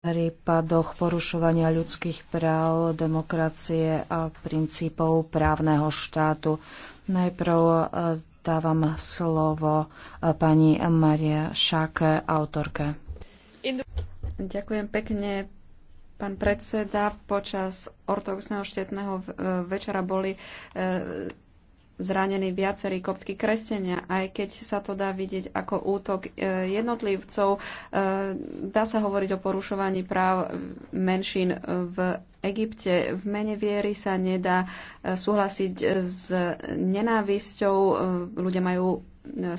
prípadoch porušovania ľudských práv, demokracie a princípov právneho štátu. Najprv e, dávam slovo e, pani Maria Šáke, autorke. Ďakujem pekne, pán predseda. Počas ortodoxného štetného e, večera boli zranení viacerí koptskí kresťania, aj keď sa to dá vidieť ako útok e, jednotlivcov. E, dá sa hovoriť o porušovaní práv menšín v Egypte. V mene viery sa nedá e, súhlasiť s nenávisťou. Ľudia majú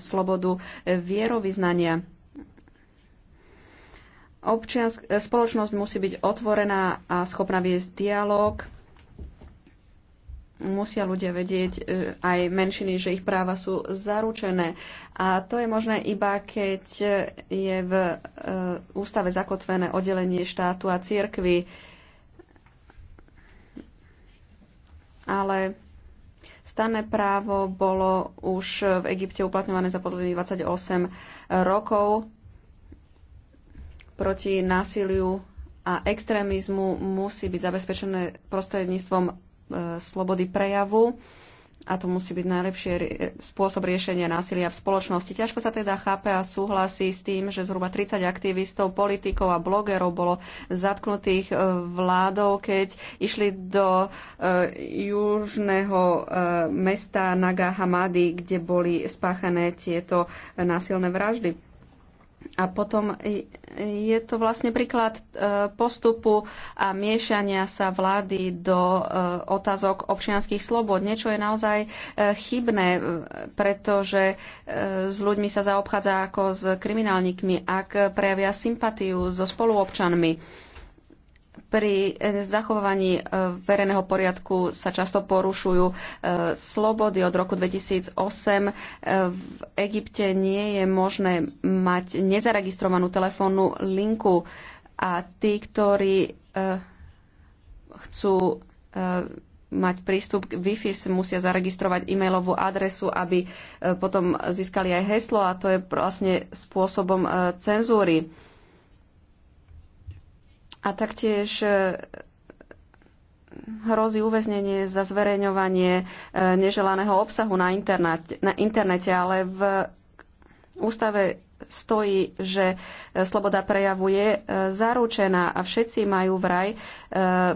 slobodu vierovýznania. Občiansk- spoločnosť musí byť otvorená a schopná viesť dialog musia ľudia vedieť, e, aj menšiny, že ich práva sú zaručené. A to je možné iba, keď je v e, ústave zakotvené oddelenie štátu a církvy. Ale stanné právo bolo už v Egypte uplatňované za posledných 28 rokov proti násiliu a extrémizmu musí byť zabezpečené prostredníctvom E, slobody prejavu a to musí byť najlepšie spôsob riešenia násilia v spoločnosti. Ťažko sa teda chápe a súhlasí s tým, že zhruba 30 aktivistov, politikov a blogerov bolo zatknutých e, vládou, keď išli do e, južného mesta Naga Hamady, kde boli spáchané tieto násilné vraždy. A potom je to vlastne príklad e, postupu a miešania sa vlády do e, otázok občianských slobod. Niečo je naozaj e, chybné, pretože s ľuďmi sa zaobchádza ako s kriminálnikmi, ak prejavia sympatiu so spoluobčanmi pri eh, zachovaní eh, verejného poriadku sa často porušujú eh, slobody. Od roku 2008 v Egypte nie je možné mať nezaregistrovanú telefónnu linku a tí, ktorí chcú mať prístup k Wi-Fi, musia zaregistrovať e-mailovú adresu, aby potom získali aj heslo a to je vlastne spôsobom cenzúry a taktiež e, hrozí uväznenie za zverejňovanie e, neželaného obsahu na, internete, na internete, ale v ústave stojí, že e, sloboda prejavu je zaručená a všetci majú vraj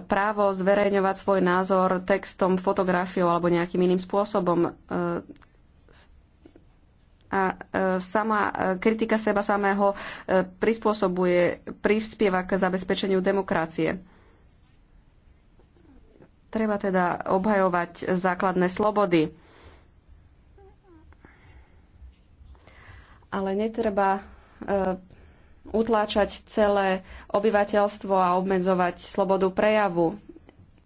právo zverejňovať svoj názor textom, fotografiou alebo nejakým iným spôsobom. A e, sama e, kritika seba samého e, prispôsobuje, prispieva k zabezpečeniu demokracie. Treba teda obhajovať základné slobody. Ale netreba utláčať celé obyvateľstvo a obmedzovať slobodu prejavu.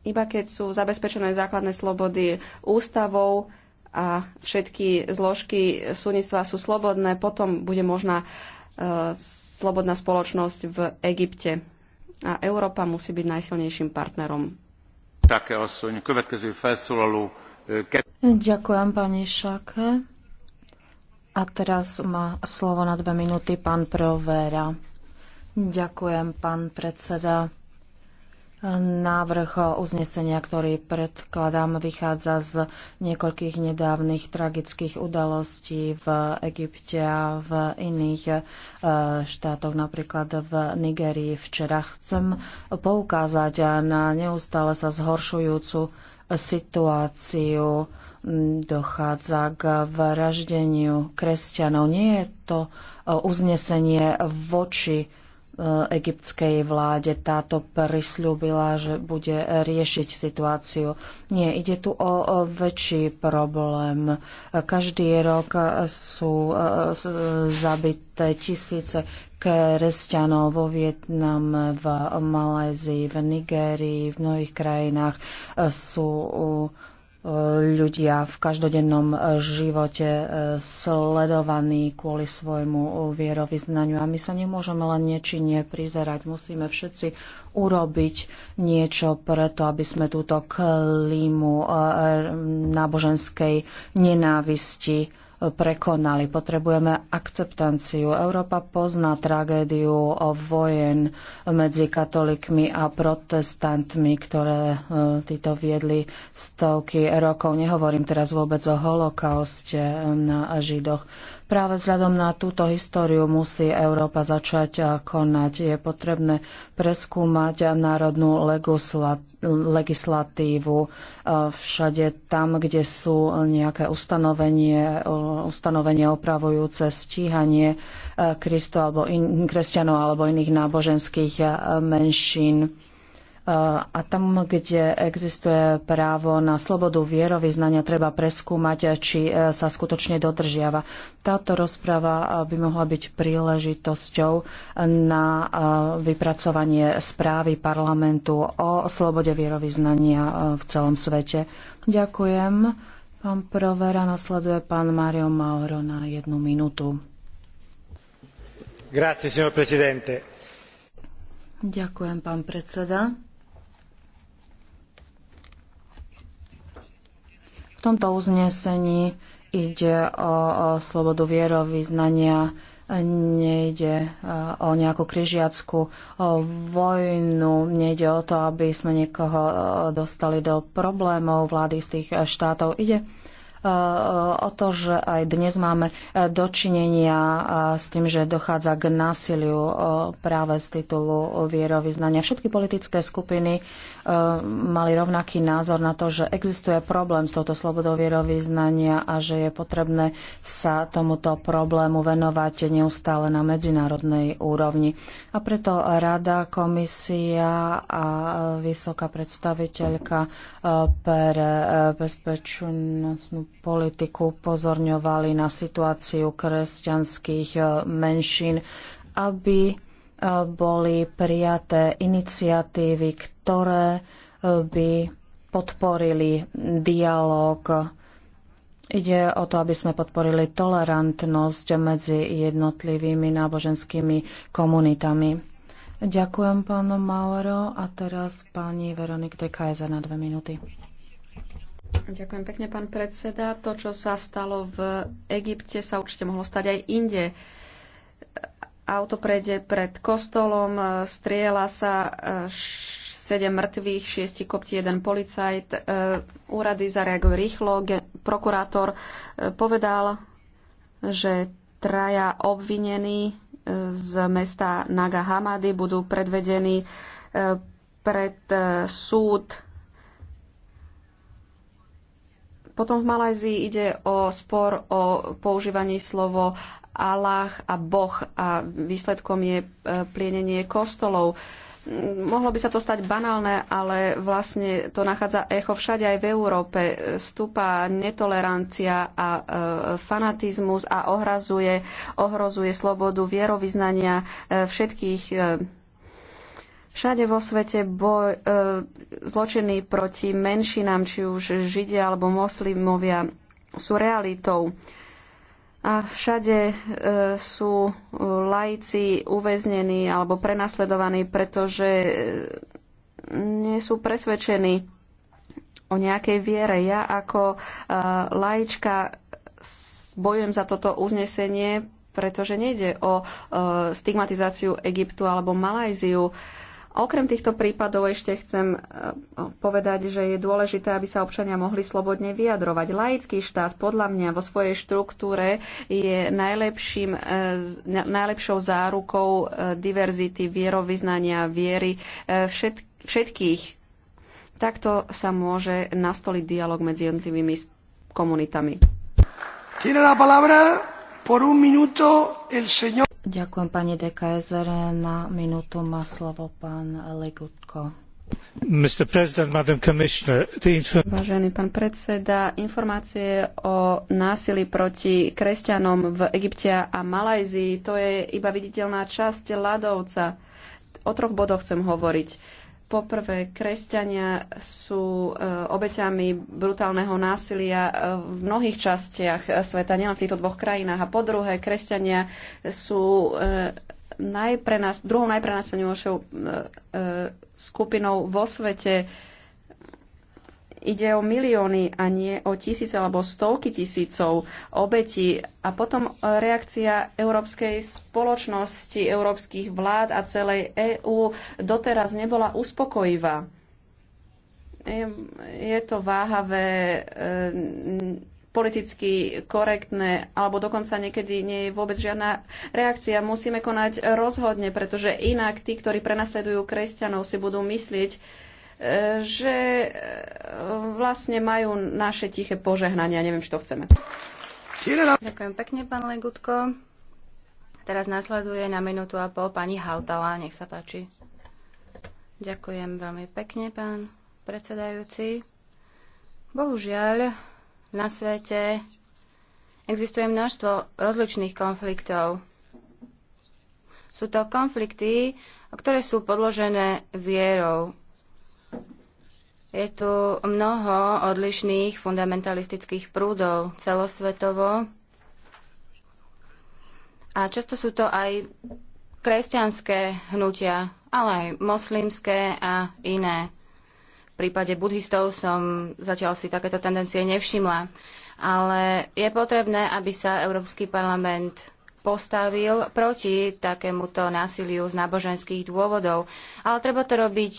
Iba keď sú zabezpečené základné slobody ústavou, a všetky zložky súdnictva sú slobodné, potom bude možná e, slobodná spoločnosť v Egypte. A Európa musí byť najsilnejším partnerom. E, Ďakujem, pani Šake. A teraz má slovo na dve minúty pán Provera. Ďakujem, pán predseda. Návrh uznesenia, ktorý predkladám, vychádza z niekoľkých nedávnych tragických udalostí v Egypte a v iných e, štátoch, napríklad v Nigerii. Včera chcem poukázať na neustále sa zhoršujúcu situáciu. Dochádza k vraždeniu kresťanov. Nie je to e, uznesenie voči Eh, egyptskej vláde. Táto prislúbila, že bude riešiť situáciu. Nie, ide tu o väčší problém. Každý rok sú eh, zabité tisíce kresťanov vo Vietname, v Malézii, v Nigérii, v mnohých krajinách eh, sú ľudia v každodennom e, živote e, sledovaní kvôli svojmu e, vierovýznaniu. A my sa nemôžeme len nečinne prizerať. Musíme všetci urobiť niečo preto, aby sme túto klímu náboženskej nenávisti prekonali. Potrebujeme akceptanciu. Európa pozná tragédiu vojen medzi katolíkmi a protestantmi, ktoré e, títo viedli stovky rokov. Nehovorím teraz vôbec o holokauste e, na Židoch. Práve vzhľadom na túto históriu musí Európa začať konať. Je potrebné preskúmať národnú legislatívu všade tam, kde sú nejaké ustanovenie, ustanovenie opravujúce stíhanie e, kristo alebo in, kresťanov alebo iných náboženských e, menšín a tam, kde existuje právo na slobodu vierovýznania, treba preskúmať, či e, sa skutočne dodržiava. Táto rozprava e, by mohla byť príležitosťou na e, vypracovanie správy parlamentu o slobode vierovýznania v celom svete. Ďakujem. Pán Provera, nasleduje pán Mario Mauro na jednu minútu. Grazie, signor Presidente. Ďakujem, pán predseda. V tomto uznesení ide o, o slobodu vierovýznania, nejde e, o nejakú križiackú vojnu, nejde o to, aby sme niekoho e, dostali do problémov vlády z tých e, štátov. Ide o to, že aj dnes máme e, dočinenia e, s tým, že dochádza k násiliu e, práve z titulu vierovýznania. Všetky politické skupiny mali rovnaký názor na to, že existuje problém s touto slobodou vierovýznania a že je potrebné sa tomuto problému venovať neustále na medzinárodnej úrovni. A preto Rada, Komisia a vysoká predstaviteľka pre bezpečnostnú politiku upozorňovali na situáciu kresťanských e, menšín, aby e, boli prijaté iniciatívy, ktoré e, by podporili dialog. Ide o to, aby sme podporili tolerantnosť medzi jednotlivými náboženskými komunitami. Ďakujem, pán Mauro. A teraz pani Veronik Dekajza na dve minúty. Ďakujem pekne, pán predseda. To, čo sa stalo v Egypte, sa určite mohlo stať aj inde. Auto prejde pred kostolom, striela sa, eh, sedem mŕtvych, šiesti kopti, jeden policajt. Eh, úrady zareagujú rýchlo. Prokurátor eh, povedal, že traja obvinení z mesta Naga Hamady budú predvedení pred súd Potom v Malajzii ide o spor o používaní slovo Allah a Boh a výsledkom je e, plienenie kostolov. Mohlo by sa to stať banálne, ale vlastne to nachádza echo všade aj v Európe. Stúpa netolerancia a e, fanatizmus a ohrazuje, ohrozuje slobodu vierovýznania e, všetkých e, Všade vo svete boj, e, zločiny proti menšinám, či už židia alebo moslimovia, sú realitou. A všade e, sú laici uväznení alebo prenasledovaní, pretože e, nie sú presvedčení o nejakej viere. Ja ako e, laička bojujem za toto uznesenie, pretože nejde o e, stigmatizáciu Egyptu alebo Malajziu. E, okrem týchto prípadov ešte chcem e, povedať, že je dôležité, aby sa občania mohli slobodne vyjadrovať. Laický štát podľa mňa vo svojej štruktúre je najlepším, e, najlepšou zárukou e, diverzity vierovýznania, viery všetkých. Takto sa môže nastoliť dialog medzi jednotlivými komunitami. Tiene la palabra por un minuto el señor Ďakujem pani de Kaiser. Na minútu má slovo pán Legutko. Vážený pán predseda, informácie o násilí proti kresťanom v Egypte a Malajzii, to je iba viditeľná časť ľadovca. O troch bodoch chcem hovoriť Poprvé, kresťania sú e, obeťami brutálneho násilia e, v mnohých častiach sveta, nielen v týchto dvoch krajinách. A po druhé, kresťania sú e, najprenas, druhou najprenasilnejšou skupinou vo svete ide o milióny a nie o tisíce alebo stovky tisícov obetí. A potom reakcia európskej spoločnosti, európskych vlád a celej EÚ doteraz nebola uspokojivá. Je to váhavé, e, politicky korektné, alebo dokonca niekedy nie je vôbec žiadna reakcia. Musíme konať rozhodne, pretože inak tí, ktorí prenasledujú kresťanov, si budú myslieť, že e, vlastne majú naše tiché požehnania. Neviem, čo to chceme. Ďakujem pekne, pán Legutko. Teraz nasleduje na minútu a pol pani Hautala. Nech sa páči. Ďakujem veľmi pekne, pán predsedajúci. Bohužiaľ, na svete existuje množstvo rozličných konfliktov. Sú to konflikty, ktoré sú podložené vierou. Je tu mnoho odlišných fundamentalistických prúdov celosvetovo a často sú to aj kresťanské hnutia, ale aj moslimské a iné. V prípade buddhistov som zatiaľ si takéto tendencie nevšimla. Ale je potrebné, aby sa Európsky parlament postavil proti takémuto násiliu z náboženských dôvodov. Ale treba to robiť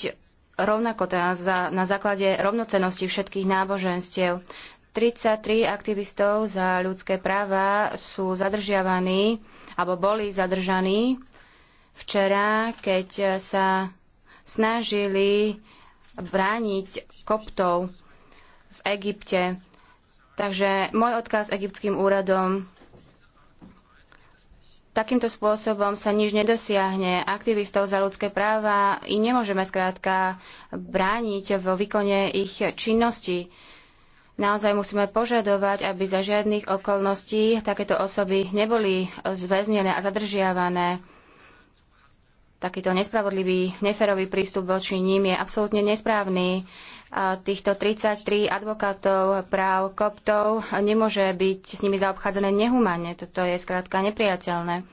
rovnako teda za, na základe rovnocenosti všetkých náboženstiev. 33 aktivistov za ľudské práva sú zadržiavaní alebo boli zadržaní včera, keď sa snažili brániť koptov v Egypte. Takže môj odkaz egyptským úradom Takýmto spôsobom sa nič nedosiahne. Aktivistov za ľudské práva i nemôžeme skrátka brániť vo výkone ich činnosti. Naozaj musíme požadovať, aby za žiadnych okolností takéto osoby neboli zväznené a zadržiavané. Takýto nespravodlivý, neferový prístup voči ním je absolútne nesprávny týchto 33 advokátov práv koptov nemôže byť s nimi zaobchádzané nehumane. Toto je skrátka nepriateľné.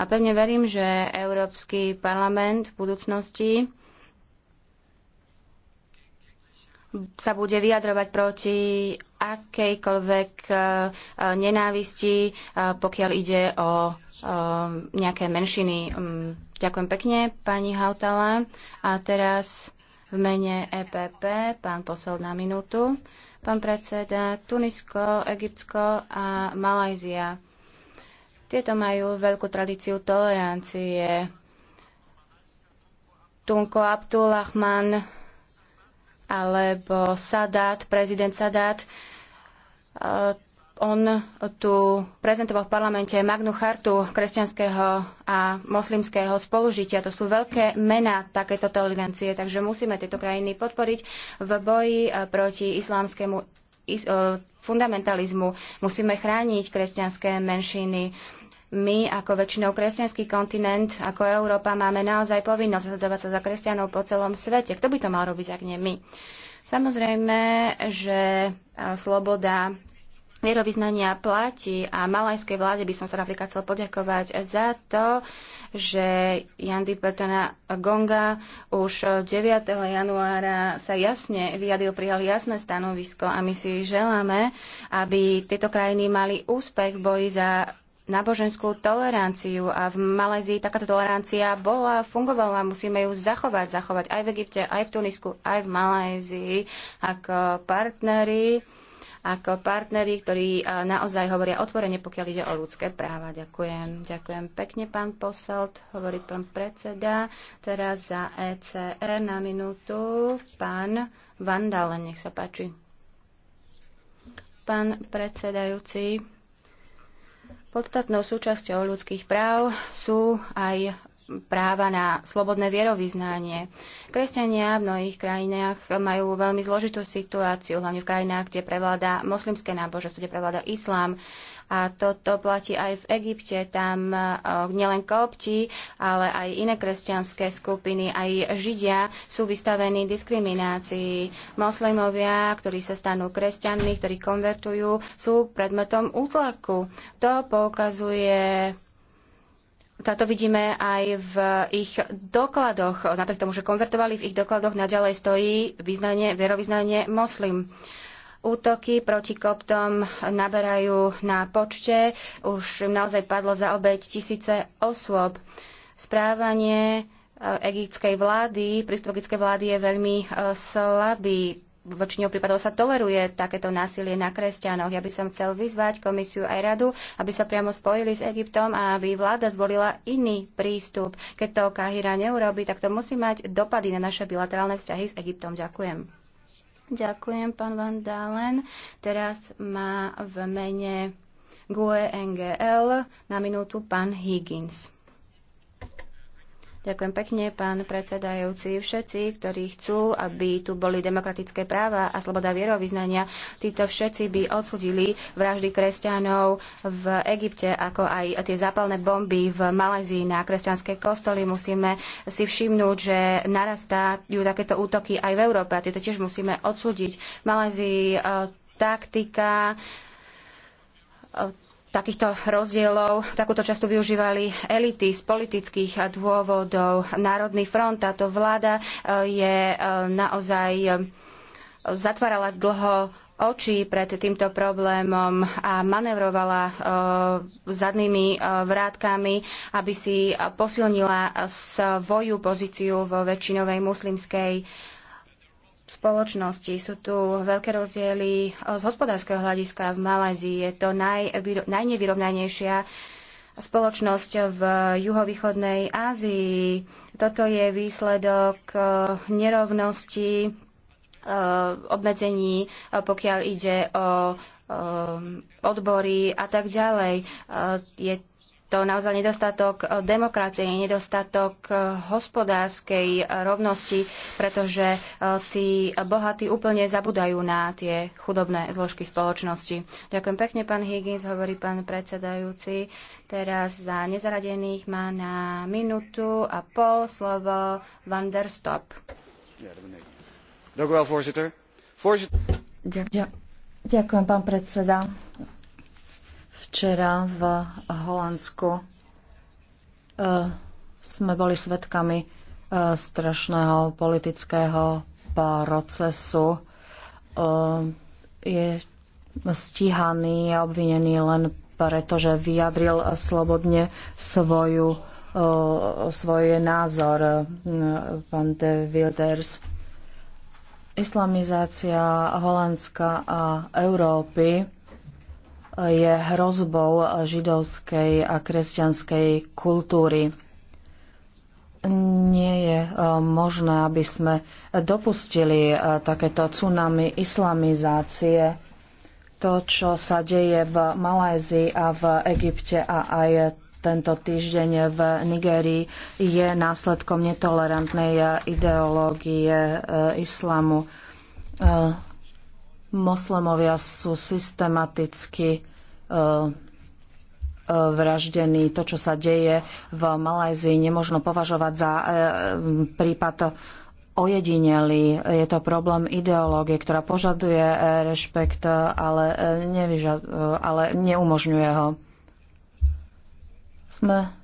A pevne verím, že Európsky parlament v budúcnosti sa bude vyjadrovať proti akejkoľvek e, nenávisti, e, pokiaľ ide o e, nejaké menšiny. Mm, ďakujem pekne, pani Hautala. A teraz v mene EPP, pán posol na minútu. Pán predseda, Tunisko, Egyptsko a Malajzia. Tieto majú veľkú tradíciu tolerancie. Tunko Abdulrahman alebo Sadat, prezident Sadat, on tu prezentoval v parlamente Magnu Chartu kresťanského a moslimského spolužitia. To sú veľké mená takéto tolerancie, takže musíme tieto krajiny podporiť v boji eh, proti islámskému eh, fundamentalizmu. Musíme chrániť kresťanské menšiny. My ako väčšinou kresťanský kontinent, ako Európa, máme naozaj povinnosť zasadzovať sa za kresťanov po celom svete. Kto by to mal robiť, ak nie my? Samozrejme, že eh, sloboda vierovýznania platí a malajskej vláde by som sa napríklad chcel poďakovať za to, že Jandy Pertona Gonga už 9. januára sa jasne vyjadil, prijal jasné stanovisko a my si želáme, aby tieto krajiny mali úspech v boji za náboženskú toleranciu a v Malézii takáto tolerancia bola, fungovala, musíme ju zachovať, zachovať aj v Egypte, aj v Tunisku, aj v Malézii ako partnery ako partneri, ktorí naozaj hovoria otvorene, pokiaľ ide o ľudské práva. Ďakujem. Ďakujem pekne, pán Poselt, hovorí pán predseda. Teraz za ECR na minútu pán Vandal, nech sa páči. Pán predsedajúci, podstatnou súčasťou ľudských práv sú aj práva na slobodné vierovýznanie. Kresťania v mnohých krajinách majú veľmi zložitú situáciu, hlavne v krajinách, kde prevláda moslimské náboženstvo, kde prevláda islám. A toto platí aj v Egypte. Tam e, nielen kopti, ale aj iné kresťanské skupiny, aj židia sú vystavení diskriminácii. Moslimovia, ktorí sa stanú kresťanmi, ktorí konvertujú, sú predmetom útlaku. To poukazuje táto vidíme aj v ich dokladoch. Napriek tomu, že konvertovali, v ich dokladoch naďalej stojí význanie, vierovýznanie moslim. Útoky proti koptom naberajú na počte. Už im naozaj padlo za obeď tisíce osôb. Správanie e, egyptskej vlády, príspevkické vlády je veľmi e, slabý v väčšine prípadov sa toleruje takéto násilie na kresťanoch. Ja by som chcel vyzvať komisiu aj radu, aby sa priamo spojili s Egyptom a aby vláda zvolila iný prístup. Keď to Kahira neurobi, tak to musí mať dopady na naše bilaterálne vzťahy s Egyptom. Ďakujem. Ďakujem, pán Van Dalen. Teraz má v mene GUE NGL na minútu pán Higgins. Ďakujem pekne, pán predsedajúci. Všetci, ktorí chcú, aby tu boli demokratické práva a sloboda vierovýznania, títo všetci by odsudili vraždy kresťanov v Egypte, ako aj tie zápalné bomby v Malajzii na kresťanské kostoly. Musíme si všimnúť, že narastajú takéto útoky aj v Európe a tieto tiež musíme odsúdiť. V Malajzii e, taktika e, takýchto rozdielov, takúto často využívali elity z politických dôvodov. Národný front, táto vláda e, je e, naozaj e, zatvárala dlho oči pred týmto problémom a manevrovala zadnými vrátkami, aby si posilnila svoju pozíciu vo väčšinovej muslimskej spoločnosti. Sú tu veľké rozdiely eh, z hospodárskeho hľadiska v Malézii. Je to naj, najnevyrovnanejšia spoločnosť v juhovýchodnej Ázii. Toto je výsledok eh, nerovnosti, eh, obmedzení, pokiaľ ide o odbory a tak ďalej. Je to naozaj nedostatok eh, demokracie, nedostatok eh, hospodárskej eh, rovnosti, pretože tí bohatí úplne zabudajú na tie chudobné zložky spoločnosti. Ďakujem pekne, pán Higgins, hovorí pán predsedajúci. Teraz za nezaradených má na minútu a pol slovo Van der Stop. Ďakujem, pán predseda. Včera v Holandsku e, sme boli svedkami e, strašného politického procesu. E, je stíhaný a obvinený len preto, že vyjadril slobodne svoju, svoj názor pán de Wilders. Islamizácia Holandska a Európy je hrozbou židovskej a kresťanskej kultúry. Nie je eh, možné, aby sme dopustili eh, takéto tsunami islamizácie. To, čo sa deje v Malézii a v Egypte a aj tento týždeň v Nigérii, je následkom netolerantnej eh, ideológie islamu Moslemovia sú systematicky e, e, vraždení. To, čo sa deje v Malajzii, nemôžno považovať za e, prípad ojedinelý. Je to problém ideológie, ktorá požaduje rešpekt, ale, nevyža- ale neumožňuje ho. Sme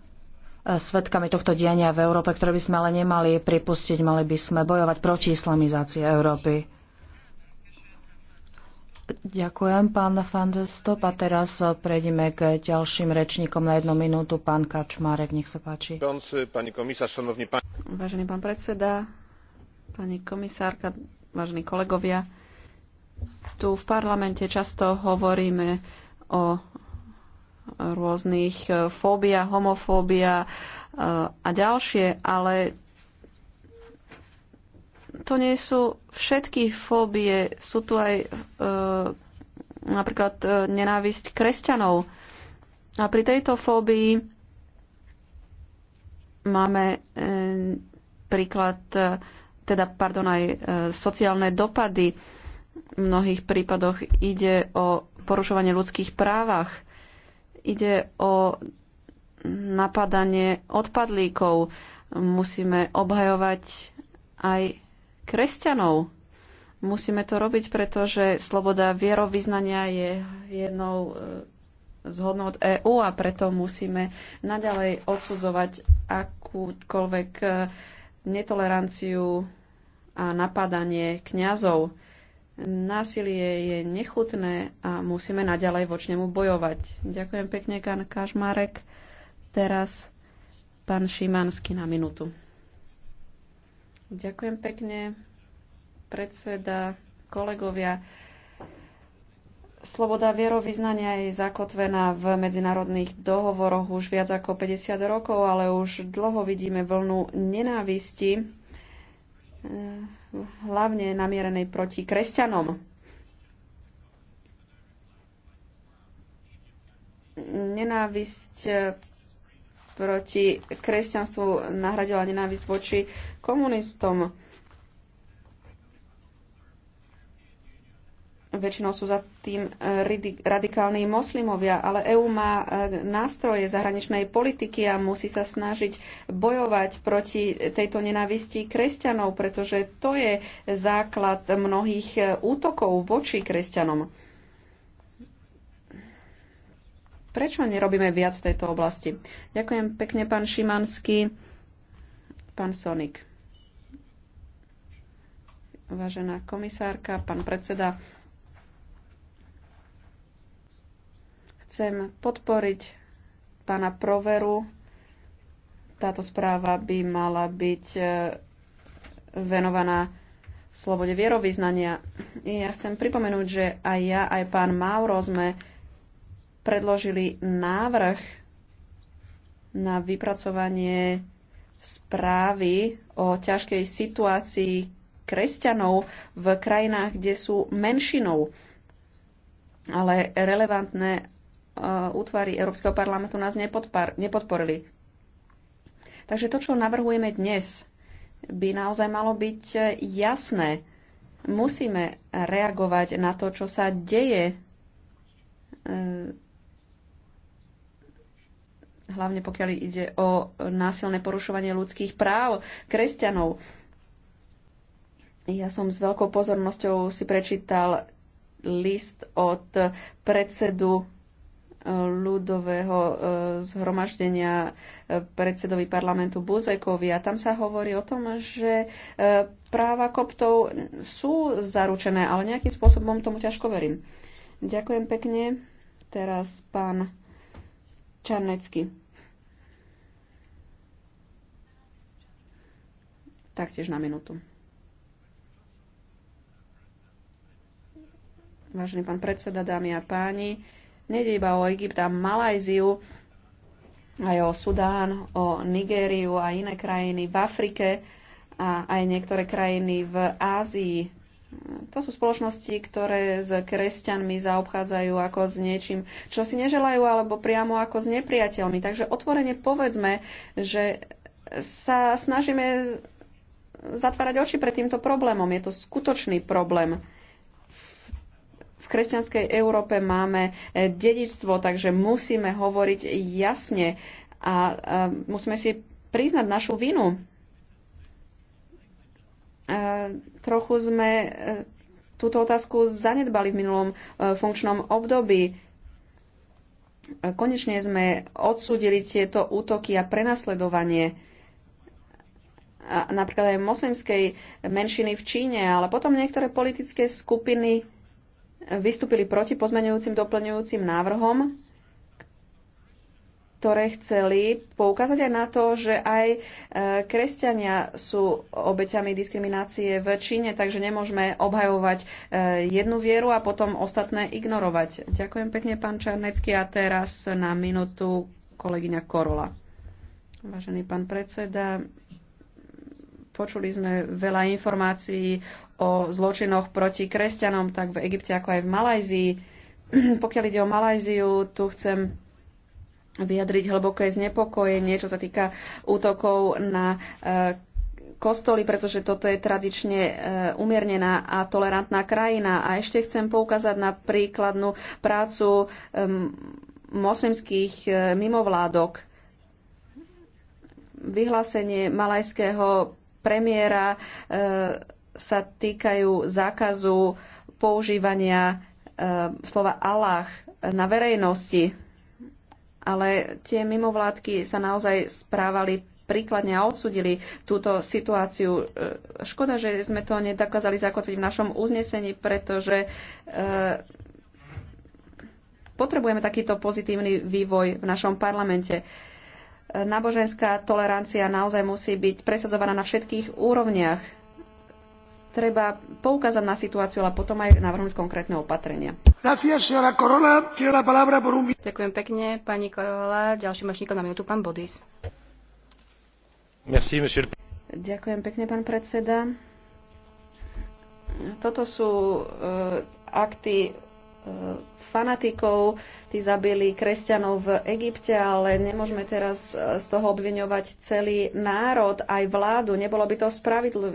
svetkami tohto diania v Európe, ktoré by sme ale nemali pripustiť. Mali by sme bojovať proti islamizácii Európy. Ďakujem, pán van der Stop. A teraz eh, prejdeme k ďalším rečníkom na jednu minútu. Pán Kačmárek, nech sa páči. Pani komisár, šanovní pán... Vážený pán predseda, pani komisárka, vážení kolegovia, tu v parlamente často hovoríme o rôznych eh, fóbia, homofóbia eh, a ďalšie, ale to nie sú všetky fóbie, sú tu aj e, napríklad e, nenávisť kresťanov. A pri tejto fóbii máme e, príklad, e, teda pardon, aj e, sociálne dopady. V mnohých prípadoch ide o porušovanie ľudských právach, ide o napadanie odpadlíkov. Musíme obhajovať aj kresťanov. Musíme to robiť, pretože sloboda vierovýznania je jednou e, z hodnot EÚ a preto musíme naďalej odsudzovať akúkoľvek e, netoleranciu a napadanie kňazov. Násilie je nechutné a musíme naďalej voči nemu bojovať. Ďakujem pekne, pán Kašmarek. Teraz pán Šimanský na minútu. Ďakujem pekne, predseda, kolegovia. Sloboda vierovýznania je zakotvená v medzinárodných dohovoroch už viac ako 50 rokov, ale už dlho vidíme vlnu nenávisti, eh, hlavne namierenej proti kresťanom. Nenávisť proti kresťanstvu nahradila nenávisť voči komunistom. Väčšinou sú za tým e, radikálni moslimovia, ale EÚ má e, nástroje zahraničnej politiky a musí sa snažiť bojovať proti tejto nenávisti kresťanov, pretože to je základ mnohých e, útokov voči kresťanom. Prečo nerobíme viac v tejto oblasti? Ďakujem pekne, pán Šimanský. Pán Sonik. Vážená komisárka, pán predseda, chcem podporiť pána Proveru. Táto správa by mala byť e, venovaná slobode vierovýznania. Ja chcem pripomenúť, že aj ja, aj pán Mauro sme predložili návrh na vypracovanie správy o ťažkej situácii kresťanov v krajinách, kde sú menšinou. Ale relevantné e, útvary Európskeho parlamentu nás nepodporili. Takže to, čo navrhujeme dnes, by naozaj malo byť jasné. Musíme reagovať na to, čo sa deje e, hlavne pokiaľ ide o násilné porušovanie ľudských práv kresťanov. Ja som s veľkou pozornosťou si prečítal list od predsedu eh, ľudového eh, zhromaždenia eh, predsedovi parlamentu Buzekovi a tam sa hovorí o tom, že práva koptov sú zaručené, ale nejakým spôsobom tomu ťažko verím. Ďakujem pekne. Teraz pán Čarnecký. Taktiež na minútu. Vážený pán predseda, dámy a páni, nejde iba o Egypt a Malajziu, aj o Sudán, o Nigériu a iné krajiny v Afrike a aj niektoré krajiny v Ázii to sú spoločnosti, ktoré s kresťanmi zaobchádzajú ako s niečím, čo si neželajú, alebo priamo ako s nepriateľmi. Takže otvorene povedzme, že sa snažíme zatvárať oči pred týmto problémom. Je to skutočný problém. V kresťanskej Európe máme e, dedičstvo, takže musíme hovoriť jasne a musíme si priznať našu vinu E, trochu sme e, túto otázku zanedbali v minulom e, funkčnom období. Konečne sme odsúdili tieto útoky a prenasledovanie napríklad aj moslimskej menšiny v Číne, ale potom niektoré politické skupiny vystúpili proti pozmeňujúcim doplňujúcim návrhom ktoré chceli poukázať aj na to, že aj e, kresťania sú obeťami diskriminácie v Číne, takže nemôžeme obhajovať e, jednu vieru a potom ostatné ignorovať. Ďakujem pekne, pán Čarnecký. A teraz na minútu kolegyňa Korola. Vážený pán predseda, počuli sme veľa informácií o zločinoch proti kresťanom, tak v Egypte ako aj v Malajzii. Pokiaľ ide o Malajziu, tu chcem vyjadriť hlboké znepokojenie, čo sa týka útokov na eh, kostoly, pretože toto je tradične eh, umiernená a tolerantná krajina. A ešte chcem poukázať na príkladnú prácu moslimských eh, mimovládok. Vyhlásenie malajského premiéra sa týkajú zákazu používania slova Allah na verejnosti ale tie mimovládky sa naozaj správali príkladne a odsudili túto situáciu. E, škoda, že sme to nedokázali zakotviť v našom uznesení, pretože e, potrebujeme takýto pozitívny vývoj v našom parlamente. E, náboženská tolerancia naozaj musí byť presadzovaná na všetkých úrovniach treba poukázať na situáciu, ale potom aj navrhnúť konkrétne opatrenia. Ďakujem pekne, pani Korola. Ďalším ročníkom na minútu pán Bodis. Ďakujem pekne, pán predseda. Toto sú uh, akty E, fanatikov, tí zabili kresťanov v Egypte, ale nemôžeme teraz e, z toho obviňovať celý národ, aj vládu. Nebolo by to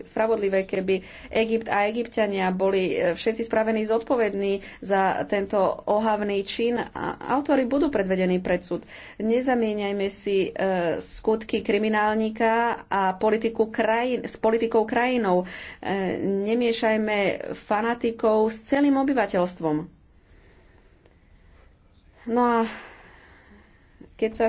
spravodlivé, keby Egypt a Egyptiania boli e, všetci spravení zodpovední za tento ohavný čin a autory budú predvedení pred súd. Nezamieňajme si skutky kriminálnika a politiku krajín, s politikou krajinou. Nemiešajme fanatikov s celým obyvateľstvom. No a keď sa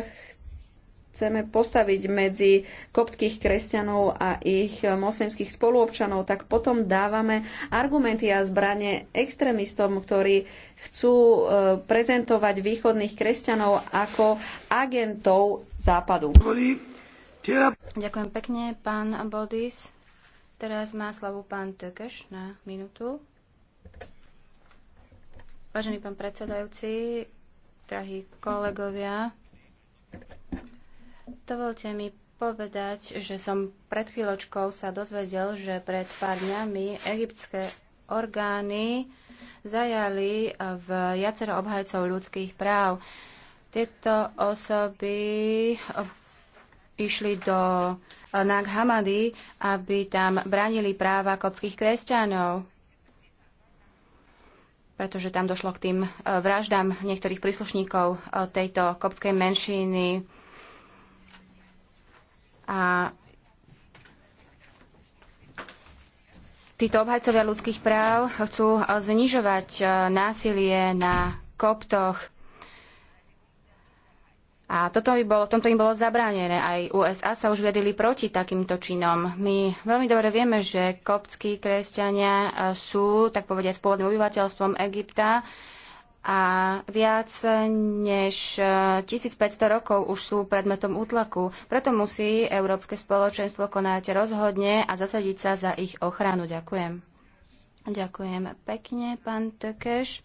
chceme postaviť medzi koptských kresťanov a ich moslimských spoluobčanov, tak potom dávame argumenty a zbranie extrémistom, ktorí chcú e, prezentovať východných kresťanov ako agentov západu. Ďakujem pekne, pán Bodis. Teraz má slavu pán Tökeš na minútu. Vážený pán predsedajúci, drahí kolegovia. Dovolte mi povedať, že som pred chvíľočkou sa dozvedel, že pred pár dňami egyptské orgány zajali eh, v jacero obhajcov ľudských práv. Tieto osoby eh, išli do eh, Nag Hamady, aby tam bránili práva kopských kresťanov pretože tam došlo k tým e, vraždám niektorých príslušníkov e, tejto kopskej menšiny. A títo obhajcovia ľudských práv chcú e, znižovať násilie na koptoch a toto by bolo, tomto im bolo zabránené. Aj USA sa už vedeli proti takýmto činom. My veľmi dobre vieme, že koptskí kresťania e, sú, tak povediať, spôvodným obyvateľstvom Egypta a viac než 1500 e, rokov už sú predmetom útlaku. Preto musí Európske spoločenstvo konať rozhodne a zasadiť sa za ich ochranu. Ďakujem. Ďakujem pekne, pán Tökeš.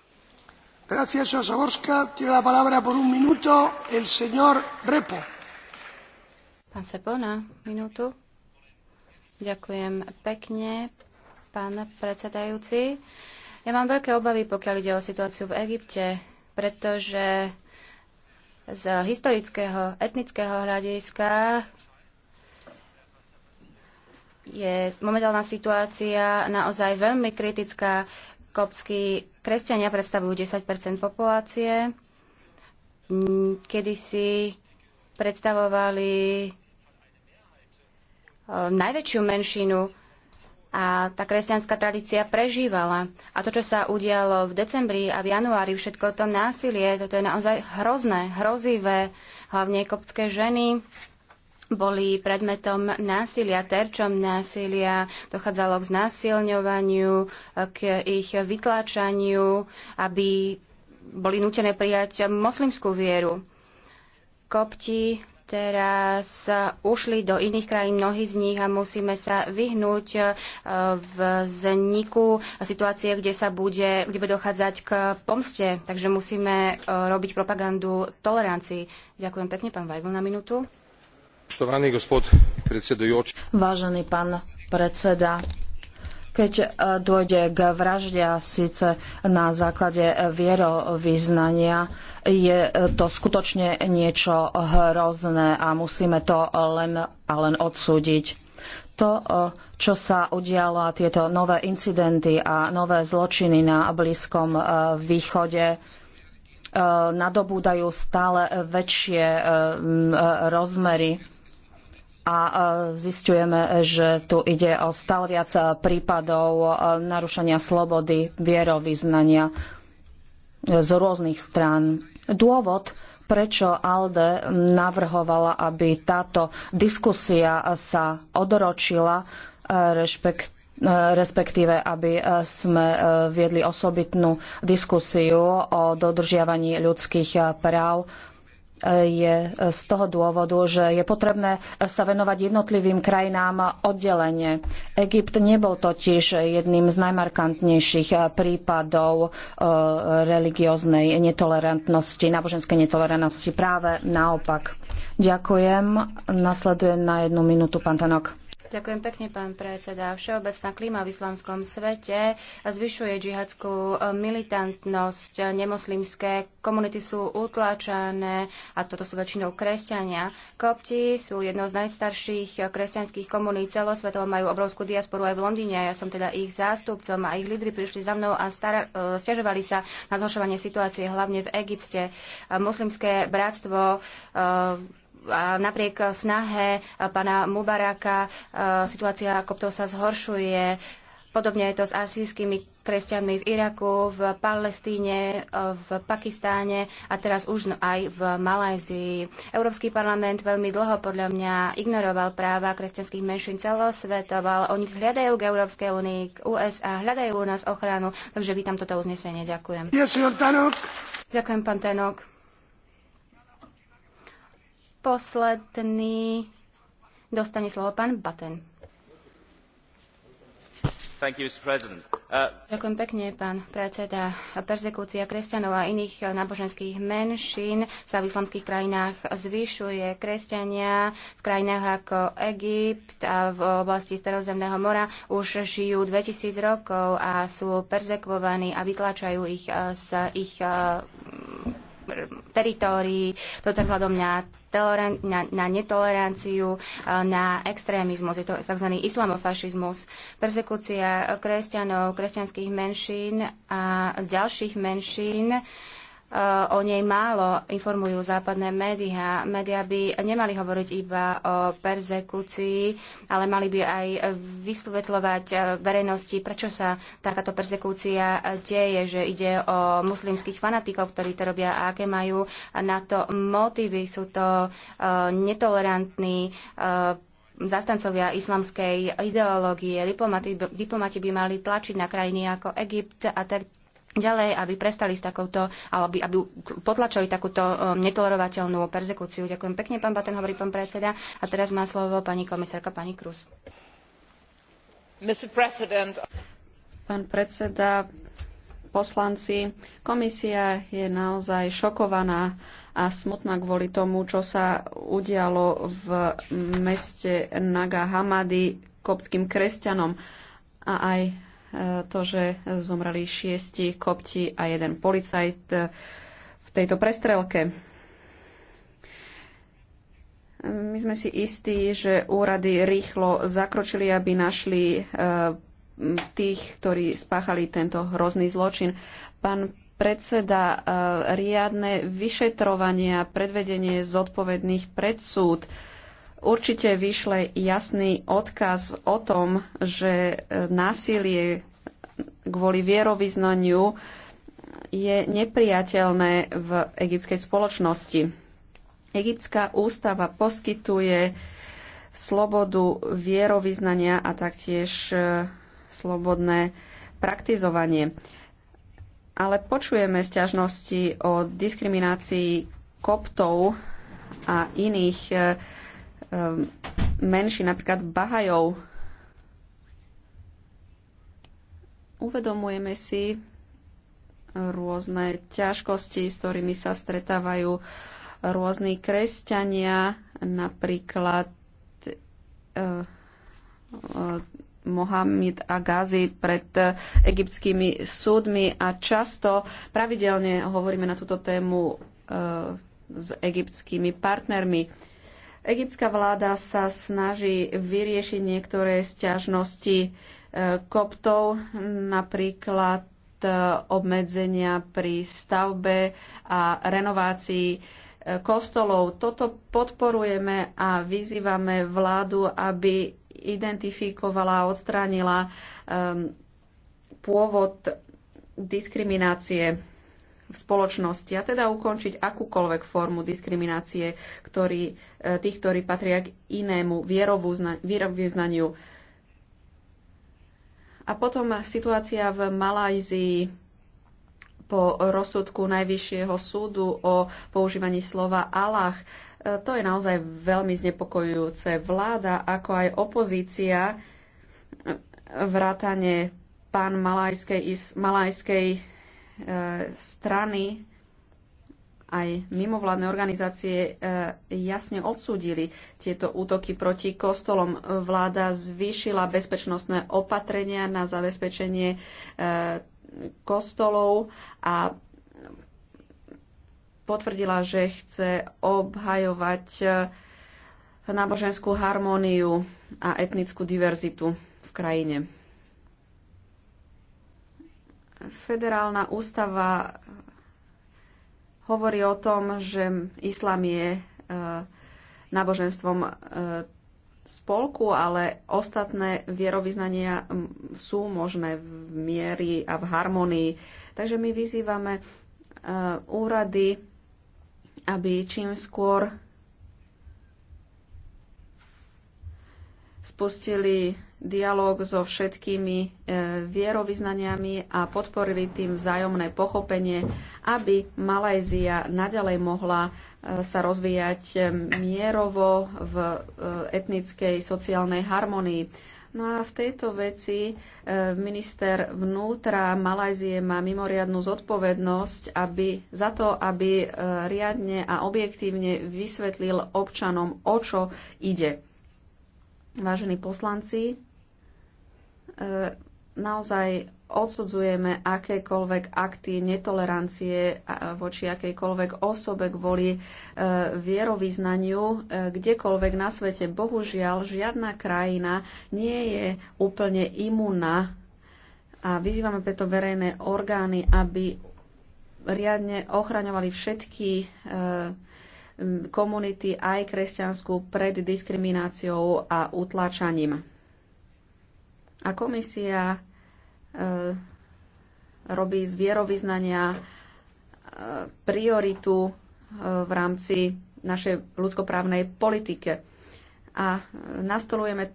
Pán minútu. Ďakujem pekne, pán predsedajúci. Ja mám veľké obavy, pokiaľ ide o situáciu v Egypte, pretože z historického, etnického hľadiska je momentálna situácia naozaj veľmi kritická kopskí kresťania predstavujú 10 populácie. kedy si predstavovali e, najväčšiu menšinu a tá kresťanská tradícia prežívala. A to, čo sa udialo v decembri a v januári, všetko to násilie, toto je naozaj hrozné, hrozivé, hlavne kopské ženy boli predmetom násilia, terčom násilia, dochádzalo k znásilňovaniu, k ich vytláčaniu, aby boli nutené prijať moslimskú vieru. Kopti teraz ušli do iných krajín mnohí z nich a musíme sa vyhnúť e, v vzniku situácie, kde sa bude, kde bude dochádzať k pomste. Takže musíme e, robiť propagandu tolerancii. Ďakujem pekne, pán Weigl, na minútu. Vážený pán predseda, keď e, dôjde k vražde a síce na základe vierovýznania, je e, to skutočne niečo hrozné a musíme to len a len odsúdiť. To, e, čo sa udialo a tieto nové incidenty a nové zločiny na Blízkom východe, nadobúdajú stále väčšie rozmery a e, zistujeme, že tu ide o stále viac e, prípadov e, narušenia slobody vierovýznania z rôznych strán. Dôvod, prečo ALDE navrhovala, aby táto diskusia sa odročila, respektíve aby sme viedli osobitnú diskusiu o dodržiavaní ľudských práv je z toho dôvodu, že je potrebné sa venovať jednotlivým krajinám oddelenie. Egypt nebol totiž jedným z najmarkantnejších prípadov e, religióznej netolerantnosti, náboženskej netolerantnosti. Práve naopak. Ďakujem. Nasleduje na jednu minútu pán Tanok. Ďakujem pekne, pán predseda. Všeobecná klíma v islamskom svete zvyšuje džihadskú e, militantnosť. Nemoslimské komunity sú utláčané a toto sú väčšinou kresťania. Kopti sú jednou z najstarších kresťanských komunít celosvetovo, majú obrovskú diasporu aj v Londýne. Ja som teda ich zástupcom a ich lídry prišli za mnou a star- e, stiažovali sa na zhoršovanie situácie hlavne v Egypte. E, moslimské bratstvo a napriek snahe pána Mubaraka e, situácia koptov sa zhoršuje. Podobne je to s asijskými kresťanmi v Iraku, v Palestíne, e, v Pakistáne a teraz už aj v Malajzii. Európsky parlament veľmi dlho podľa mňa ignoroval práva kresťanských menšín celosvetoval. Oni hľadajú k Európskej únii, k USA, hľadajú u nás ochranu, takže vítam toto uznesenie. Ďakujem. Ďakujem, pán Tenok posledný dostane slovo pán Batten. You, uh, Ďakujem pekne, pán predseda. Persekúcia kresťanov a iných náboženských menšín sa v islamských krajinách zvyšuje. Kresťania v krajinách ako Egypt a v oblasti Starozemného mora už žijú 2000 rokov a sú persekvovaní a vytláčajú ich eh, z ich eh, teritórií, toto hľadom na, na, na netoleranciu, e, na extrémizmus, je to tzv. islamofašizmus, persekúcia kresťanov, kresťanských menšín a ďalších menšín o nej málo informujú západné médiá. Média by nemali hovoriť iba o persekúcii, ale mali by aj vysvetľovať eh, verejnosti, prečo sa takáto persekúcia deje, že ide o muslimských fanatikov, ktorí to robia a aké majú na to motívy. Sú to eh, netolerantní eh, zastancovia islamskej ideológie. Diplomati, by mali tlačiť na krajiny ako Egypt a tak ďalej, aby prestali s takouto, alebo aby, aby potlačili takúto e, netolerovateľnú persekúciu. Ďakujem pekne, pán Baten, hovorí pán predseda. A teraz má slovo pani komisárka, pani Krus. Pán predseda, poslanci, komisia je naozaj šokovaná a smutná kvôli tomu, čo sa udialo v meste Naga Hamady koptským kresťanom a aj to, že zomrali šiesti kopti a jeden policajt v tejto prestrelke. My sme si istí, že úrady rýchlo zakročili, aby našli eh, tých, ktorí spáchali tento hrozný zločin. Pán predseda, eh, riadne vyšetrovania, predvedenie zodpovedných predsúd, určite vyšle jasný odkaz o tom, že e, násilie kvôli vierovýznaniu je nepriateľné v egyptskej spoločnosti. Egyptská ústava poskytuje slobodu vierovýznania a taktiež e, slobodné praktizovanie. Ale počujeme sťažnosti o diskriminácii koptov a iných e, menší, napríklad Bahajov. Uvedomujeme si rôzne ťažkosti, s ktorými sa stretávajú rôzni kresťania, napríklad e, e, Mohamed Agazi pred egyptskými súdmi a často pravidelne hovoríme na túto tému e, s egyptskými partnermi Egyptská vláda sa snaží vyriešiť niektoré sťažnosti e, koptov, napríklad e, obmedzenia pri stavbe a renovácii e, kostolov. Toto podporujeme a vyzývame vládu, aby identifikovala a odstránila pôvod diskriminácie v spoločnosti a teda ukončiť akúkoľvek formu diskriminácie ktorý, e, tých, ktorí patria k inému vierovýznaniu. A potom situácia v Malajzii po rozsudku Najvyššieho súdu o používaní slova Allah. E, to je naozaj veľmi znepokojujúce. Vláda, ako aj opozícia, e, vrátane pán malajskej, malajskej E, strany aj mimovládne organizácie e, jasne odsúdili tieto útoky proti kostolom. Vláda zvýšila bezpečnostné opatrenia na zabezpečenie e, kostolov a potvrdila, že chce obhajovať náboženskú harmóniu a etnickú diverzitu v krajine. Federálna ústava eh, hovorí o tom, že islám je eh, náboženstvom eh, spolku, ale ostatné vierovýznania mm, sú možné v miery a v harmonii. Takže my vyzývame úrady, aby čím skôr spustili dialog so všetkými e, vierovyznaniami a podporili tým vzájomné pochopenie, aby Malajzia naďalej mohla e, sa rozvíjať e, mierovo v etnickej sociálnej harmonii. No a v tejto veci minister vnútra Malajzie má mimoriadnú zodpovednosť aby, za to, aby riadne a objektívne vysvetlil občanom, o čo ide vážení poslanci, e, naozaj odsudzujeme akékoľvek akty netolerancie voči akejkoľvek osobe kvôli e, vierovýznaniu e, kdekoľvek na svete. Bohužiaľ, žiadna krajina nie je úplne imúna a vyzývame preto verejné orgány, aby riadne ochraňovali všetky komunity aj kresťanskú pred diskrimináciou a utláčaním. A komisia e, robí z vierovýznania e, prioritu e, v rámci našej ľudskoprávnej politike. A e, nastolujeme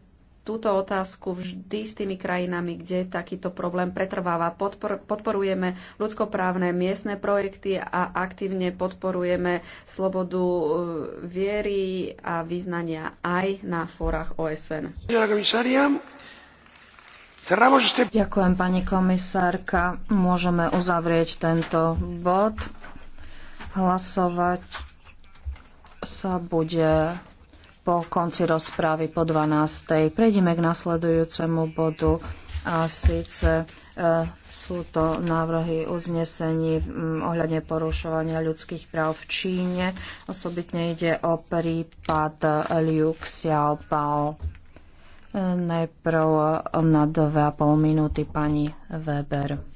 túto otázku vždy s tými krajinami, kde takýto problém pretrváva. Podpor, podporujeme ľudskoprávne miestne projekty a aktívne podporujeme slobodu e, viery a význania aj na fórach OSN. Ďakujem, pani komisárka. Môžeme uzavrieť tento bod. Hlasovať sa bude po konci rozprávy po 12. Prejdeme k nasledujúcemu bodu a síce eh, sú to návrhy uznesení mm, ohľadne porušovania ľudských práv v Číne. Osobitne ide o prípad Liu Xiaopao. Eh, najprv na 2,5 minúty pani Weber.